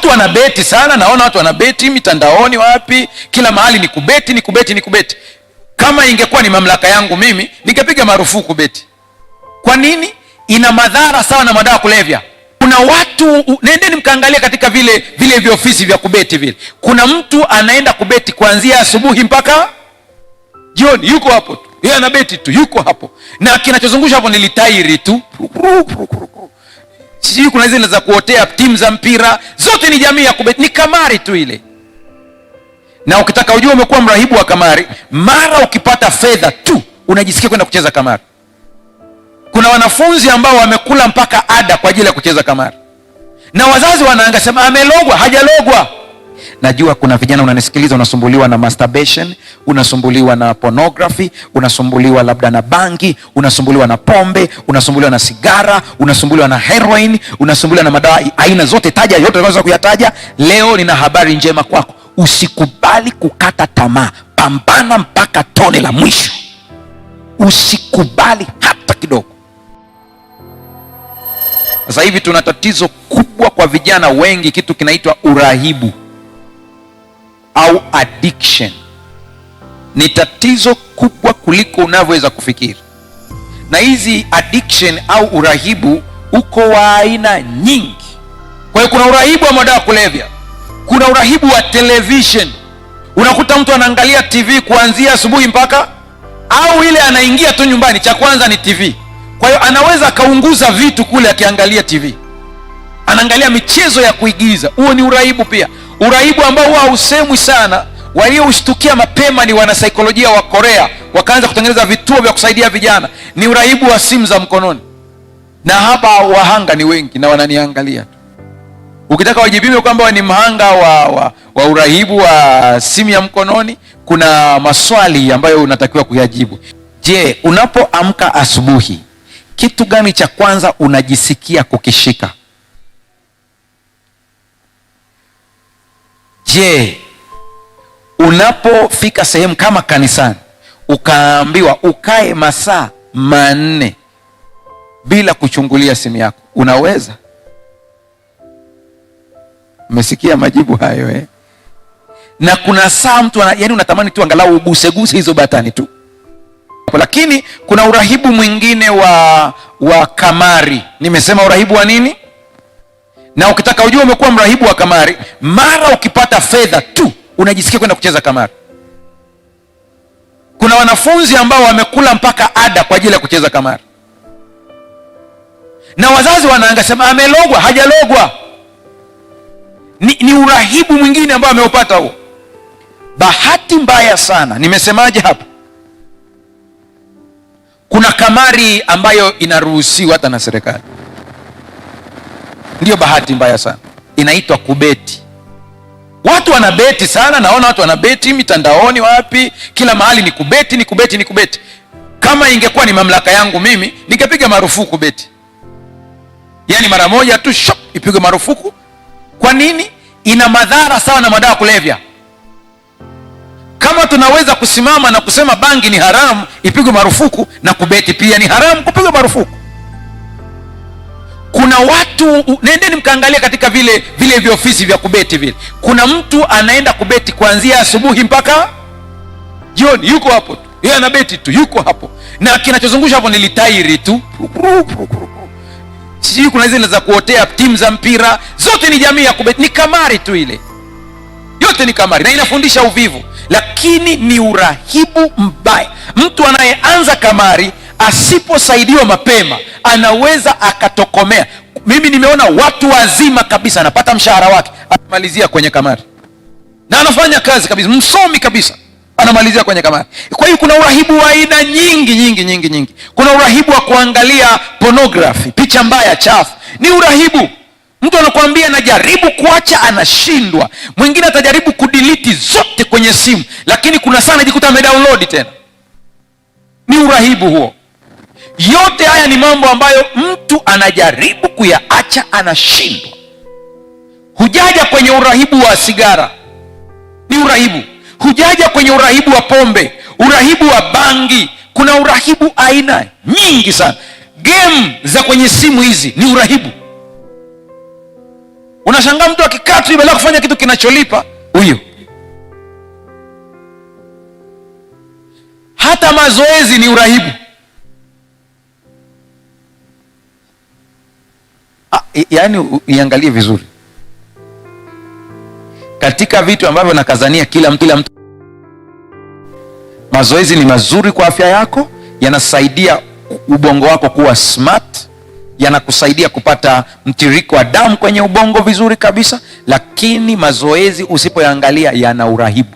watu wanabeti sana naona watu wanabeti mitandaoni wapi kila mahali ni kubeti ni kubeti ni kubeti kama ingekuwa ni mamlaka yangu mimi ningepiga marufuku beti kwa nini ina madhara sawa na madawa kulevya kuna watu nendeni mkaangalia katika vile vile viofisi vya kubeti vile kuna mtu anaenda kubeti kuanzia asubuhi mpaka jioni yuko hapo tu yeye anabeti tu yuko hapo na kinachozungusha hapo ni litairi tu sijui kuna zile za kuotea timu za mpira zote ni jamii ya kubeti ni kamari tu ile. Na ukitaka ujua umekuwa mrahibu wa kamari, mara ukipata fedha tu unajisikia kwenda kucheza kamari. Kuna wanafunzi ambao wamekula mpaka ada kwa ajili ya kucheza kamari, na wazazi wanaangasema amelogwa, hajalogwa Najua kuna vijana unanisikiliza, unasumbuliwa na masturbation, unasumbuliwa na pornography, unasumbuliwa labda na bangi, unasumbuliwa na pombe, unasumbuliwa na sigara, unasumbuliwa na heroin, unasumbuliwa na madawa aina zote, taja yote unaweza kuyataja. Leo nina habari njema kwako, usikubali kukata tamaa, pambana mpaka tone la mwisho, usikubali hata kidogo. Sasa hivi tuna tatizo kubwa kwa vijana wengi, kitu kinaitwa urahibu au addiction ni tatizo kubwa kuliko unavyoweza kufikiri, na hizi addiction au urahibu uko wa aina nyingi. Kwa hiyo kuna urahibu wa madawa kulevya, kuna urahibu wa television. Unakuta mtu anaangalia TV kuanzia asubuhi mpaka, au ile anaingia tu nyumbani, cha kwanza ni TV. Kwa hiyo anaweza akaunguza vitu kule akiangalia TV, anaangalia michezo ya kuigiza. Huo ni urahibu pia. Uraibu ambao huwa hausemwi sana, walioushtukia mapema ni wanasaikolojia wa Korea, wakaanza kutengeneza vituo vya kusaidia vijana, ni uraibu wa simu za mkononi. Na hapa wahanga ni wengi na wananiangalia tu. Ukitaka wajipime kwamba ni mhanga wa, wa, wa urahibu wa simu ya mkononi, kuna maswali ambayo unatakiwa kuyajibu. Je, unapoamka asubuhi, kitu gani cha kwanza unajisikia kukishika? Je, unapofika sehemu kama kanisani ukaambiwa ukae masaa manne bila kuchungulia simu yako, unaweza? Umesikia majibu hayo eh? Na kuna saa mtu ana, yani unatamani tu angalau uguseguse hizo batani tu, lakini kuna urahibu mwingine wa wa kamari. Nimesema urahibu wa nini? na ukitaka ujua umekuwa mrahibu wa kamari, mara ukipata fedha tu unajisikia kwenda kucheza kamari. Kuna wanafunzi ambao wamekula mpaka ada kwa ajili ya kucheza kamari, na wazazi wanaanga sema amelogwa, hajalogwa. Ni, ni urahibu mwingine ambao ameupata huo. Bahati mbaya sana, nimesemaje hapa? Kuna kamari ambayo inaruhusiwa hata na serikali Ndiyo bahati mbaya sana, inaitwa kubeti. Watu wanabeti sana, naona watu wanabeti mitandaoni, wapi, kila mahali ni kubeti, ni kubeti, ni kubeti. Kama ingekuwa ni mamlaka yangu mimi, ningepiga marufuku beti, yaani mara moja tu shop ipigwe marufuku. Kwa nini? Ina madhara sawa na madawa kulevya. Kama tunaweza kusimama na kusema bangi ni haramu, ipigwe marufuku, na kubeti pia ni haramu kupigwa marufuku kuna watu nendeni mkaangalia katika vile vile vya ofisi vya kubeti vile, kuna mtu anaenda kubeti kuanzia asubuhi mpaka jioni, yuko hapo tu, yeye anabeti tu, yuko hapo, na kinachozungusha hapo ni litairi tu. Sijui kuna zile za kuotea, timu za mpira zote ni jamii ya kubeti, ni kamari tu ile, yote ni kamari na inafundisha uvivu, lakini ni urahibu mbaya. Mtu anayeanza kamari asiposaidiwa mapema anaweza akatokomea. Mimi nimeona watu wazima kabisa anapata mshahara wake anamalizia kwenye kamari, na anafanya kazi kabisa, msomi kabisa, anamalizia kwenye kamari. Kwa hiyo kuna urahibu wa aina nyingi nyingi nyingi nyingi. Kuna urahibu wa kuangalia ponografi picha mbaya chafu, ni urahibu Mtu anakuambia anajaribu kuacha, anashindwa. Mwingine atajaribu kudiliti zote kwenye simu, lakini kuna sana jikuta amedownload tena. Ni urahibu huo. Yote haya ni mambo ambayo mtu anajaribu kuyaacha, anashindwa. Hujaja kwenye urahibu wa sigara, ni urahibu. Hujaja kwenye urahibu wa pombe, urahibu wa bangi. Kuna urahibu aina nyingi sana. Game za kwenye simu hizi ni urahibu. Unashangaa mtu akikaa tu ibelea kufanya kitu kinacholipa huyo. Hata mazoezi ni urahibu. yani niangalie vizuri katika vitu ambavyo nakazania kila mtu, kila mtu. Mazoezi ni mazuri kwa afya yako, yanasaidia ubongo wako kuwa smart, yanakusaidia kupata mtiriko wa damu kwenye ubongo vizuri kabisa, lakini mazoezi usipoyaangalia yana urahibu.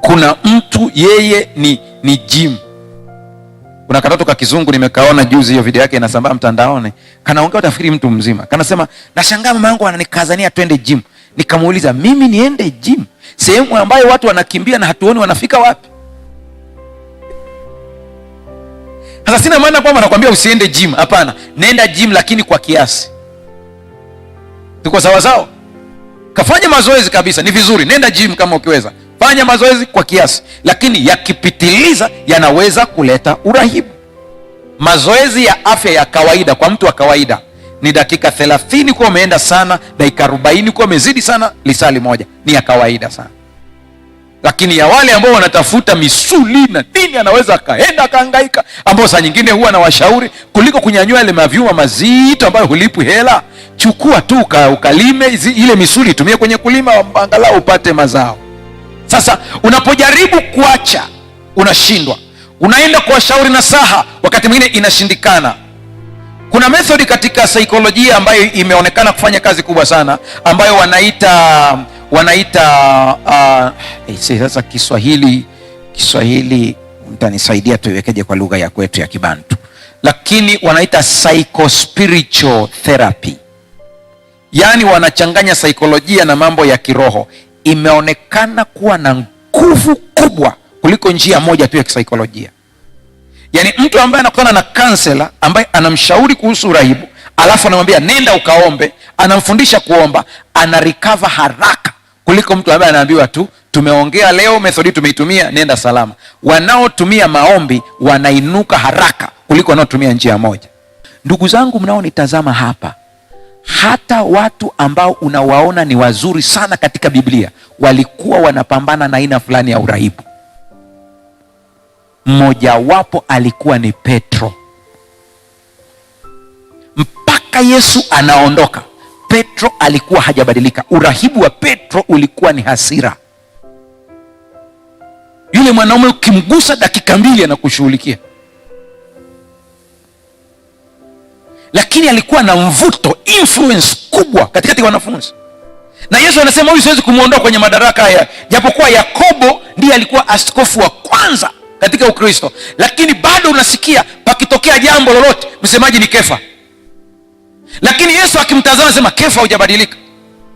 Kuna mtu yeye ni, ni jimu kuna katoto ka kizungu nimekaona juzi, hiyo video yake inasambaa mtandaoni, kanaongea utafikiri mtu mzima. Kanasema nashangaa mama yangu ananikazania twende gym, nikamuuliza mimi niende gym sehemu ambayo watu wanakimbia na hatuoni wanafika wapi? Sasa sina maana kwamba nakwambia usiende gym, hapana, nenda gym lakini kwa kiasi. Tuko sawa sawa? Kafanya mazoezi kabisa, ni vizuri, nenda gym kama ukiweza, fanya mazoezi kwa kiasi, lakini yakipitiliza yanaweza kuleta urahibu. Mazoezi ya afya ya kawaida kwa mtu wa kawaida ni dakika thelathini kuwa umeenda sana, dakika arobaini kuwa umezidi sana, lisali moja ni ya kawaida sana. Lakini ya wale ambao wanatafuta misuli na nini, anaweza akaenda akaangaika ambao saa nyingine huwa na washauri kuliko kunyanyua yale mavyuma mazito ambayo hulipwi hela, chukua tu ukalime, uka ile misuli itumie kwenye kulima, angalau upate mazao. Sasa unapojaribu kuacha unashindwa, unaenda kwa na saha wakati mwingine inashindikana. Kuna methodi katika saikolojia ambayo imeonekana kufanya kazi kubwa sana, ambayo wanaita wanaita uh, sasa Kiswahili Kiswahili mtanisaidia tuiwekeje kwa lugha ya kwetu ya Kibantu, lakini wanaita psychospiritual therapy, yaani wanachanganya saikolojia na mambo ya kiroho imeonekana kuwa na nguvu kubwa kuliko njia moja tu ya kisaikolojia. Yaani mtu ambaye anakutana na kansela ambaye anamshauri kuhusu urahibu, alafu anamwambia nenda ukaombe, anamfundisha kuomba, ana rikava haraka kuliko mtu ambaye anaambiwa tu tumeongea leo, methodi tumeitumia, nenda salama. Wanaotumia maombi wanainuka haraka kuliko wanaotumia njia moja. Ndugu zangu mnaonitazama hapa, hata watu ambao unawaona ni wazuri sana katika Biblia walikuwa wanapambana na aina fulani ya urahibu. Mmojawapo alikuwa ni Petro. Mpaka Yesu anaondoka, Petro alikuwa hajabadilika. Urahibu wa Petro ulikuwa ni hasira. Yule mwanaume ukimgusa dakika mbili anakushughulikia, lakini alikuwa na mvuto influence kubwa katikati ya wanafunzi, na Yesu anasema huyu siwezi kumwondoa kwenye madaraka haya, japokuwa Yakobo ndiye alikuwa askofu wa kwanza katika Ukristo, lakini bado unasikia pakitokea jambo lolote, msemaji ni Kefa. Lakini Yesu akimtazama anasema, Kefa, hujabadilika.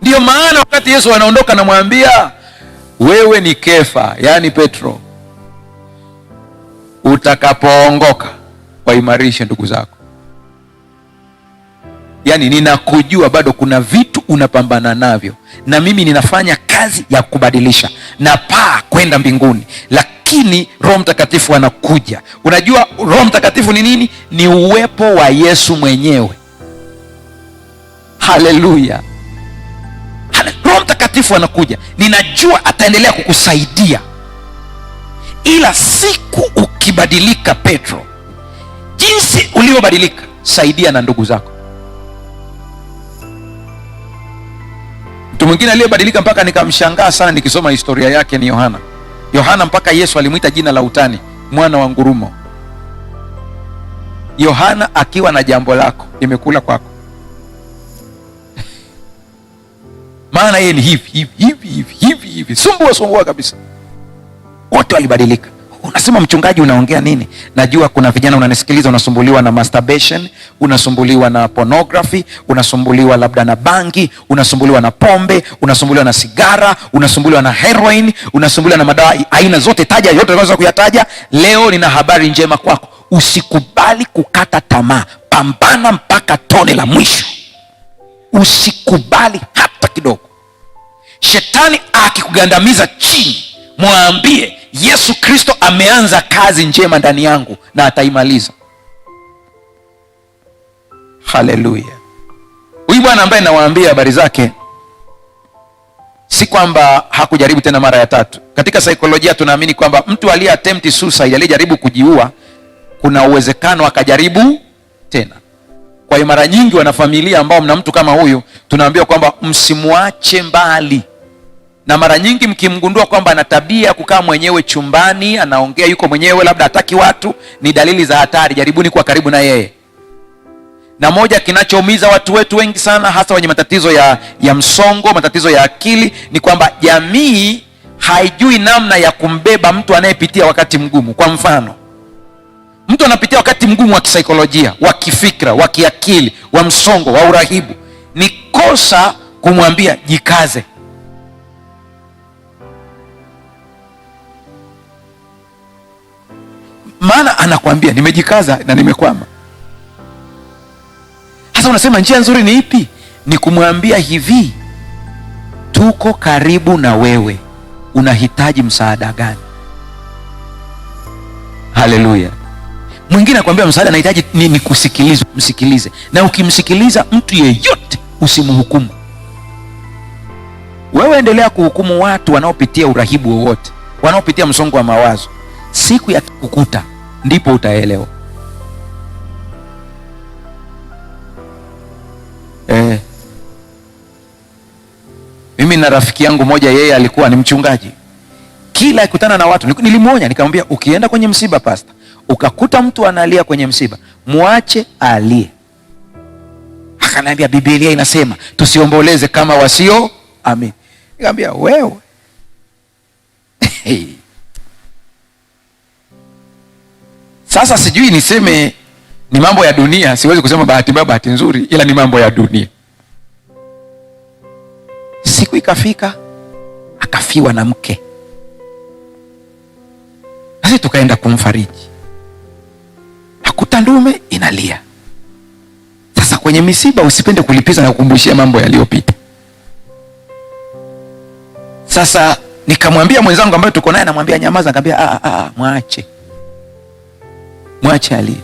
Ndiyo maana wakati Yesu anaondoka anamwambia, wewe ni Kefa, yaani Petro, utakapoongoka waimarishe ndugu zako yani ninakujua bado kuna vitu unapambana navyo, na mimi ninafanya kazi ya kubadilisha na paa kwenda mbinguni, lakini Roho Mtakatifu anakuja. Unajua Roho Mtakatifu ni nini? Ni uwepo wa Yesu mwenyewe. Haleluya! Roho Mtakatifu anakuja, ninajua ataendelea kukusaidia, ila siku ukibadilika, Petro, jinsi ulivyobadilika, saidia na ndugu zako Mtu mwingine aliyebadilika mpaka nikamshangaa sana nikisoma historia yake ni Yohana. Yohana mpaka Yesu alimwita jina la utani, mwana wa ngurumo. Yohana akiwa na jambo lako imekula kwako, maana yeye ni hivi hivi hivi hivi hivi, sumbua sumbua kabisa. Wote walibadilika. Nasema mchungaji, unaongea nini? Najua kuna vijana unanisikiliza, unasumbuliwa na masturbation, unasumbuliwa na pornography, unasumbuliwa labda na bangi, unasumbuliwa na pombe, unasumbuliwa na sigara, unasumbuliwa na heroin, unasumbuliwa na madawa aina zote, taja yote unaweza kuyataja. Leo nina habari njema kwako, usikubali kukata tamaa, pambana mpaka tone la mwisho, usikubali hata kidogo. Shetani akikugandamiza chini, mwambie Yesu Kristo ameanza kazi njema ndani yangu na ataimaliza. Haleluya! Huyu bwana ambaye nawaambia habari zake, si kwamba hakujaribu tena mara ya tatu. Katika saikolojia tunaamini kwamba mtu aliye attempt suicide, aliyejaribu kujiua, kuna uwezekano akajaribu tena. Kwa hiyo mara nyingi wanafamilia ambao mna mtu kama huyu, tunaambiwa kwamba msimwache mbali na mara nyingi mkimgundua kwamba ana tabia kukaa mwenyewe chumbani, anaongea yuko mwenyewe, labda hataki watu, ni dalili za hatari. Jaribuni kuwa karibu na yeye. Na moja kinachoumiza watu wetu wengi sana, hasa wenye matatizo ya, ya msongo, matatizo ya akili, ni kwamba jamii haijui namna ya kumbeba mtu anayepitia wakati mgumu. Kwa mfano, mtu anapitia wakati mgumu wa kisaikolojia, wa kifikra, wa kiakili, wa msongo, wa urahibu, ni kosa kumwambia jikaze maana anakwambia nimejikaza na nimekwama. Hasa unasema njia nzuri ni ipi? Ni kumwambia hivi, tuko karibu na wewe, unahitaji msaada gani? Haleluya. Mwingine akuambia msaada anahitaji ni, ni kusikilizwa. Msikilize, na ukimsikiliza mtu yeyote usimhukumu. Wewe endelea kuhukumu watu wanaopitia urahibu wowote, wanaopitia msongo wa mawazo. Siku ya kukuta ndipo utaelewa. Eh, mimi na rafiki yangu moja, yeye alikuwa ni mchungaji. Kila akikutana na watu nilimwonya, nikamwambia ukienda kwenye msiba pasta, ukakuta mtu analia kwenye msiba, mwache alie. akanaambia bibilia inasema tusiomboleze kama wasio amini. Nikamwambia wewe Sasa sijui niseme ni mambo ya dunia, siwezi kusema bahati mbaya, bahati nzuri, ila ni mambo ya dunia. Siku ikafika akafiwa na mke, nasi tukaenda kumfariji, hakuta ndume inalia. Sasa kwenye misiba usipende kulipiza na kukumbushia mambo yaliyopita. Sasa nikamwambia mwenzangu ambaye tuko naye, namwambia nyamaza, nikamwambia a a, a, mwache alie.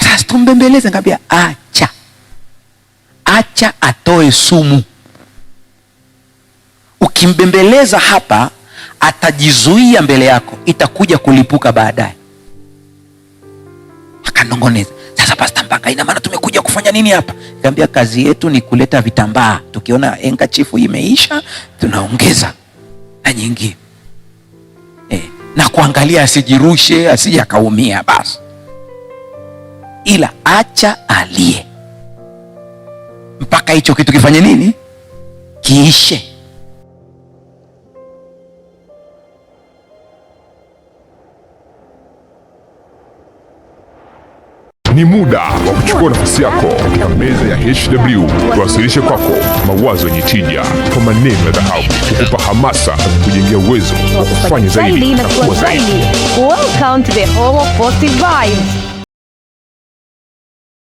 Sasa tumbembeleze, ngambia acha acha atoe sumu. Ukimbembeleza hapa atajizuia mbele yako, itakuja kulipuka baadaye. Akanongoneza, sasa Pasta Mpaka, ina maana tumekuja kufanya nini hapa? Nikamwambia kazi yetu ni kuleta vitambaa, tukiona enga chifu imeisha tunaongeza na nyingine na kuangalia asijirushe, asije akaumia basi, ila acha alie mpaka hicho kitu kifanye nini, kiishe. Ni muda wa kuchukua nafasi yako katika meza ya HW, tuwasilishe kwako mawazo yenye tija kwa maneno ya dhahabu, kukupa hamasa kujengea uwezo wa kufanya zaidi na kuwa zaidi. Welcome to the of positive vibes.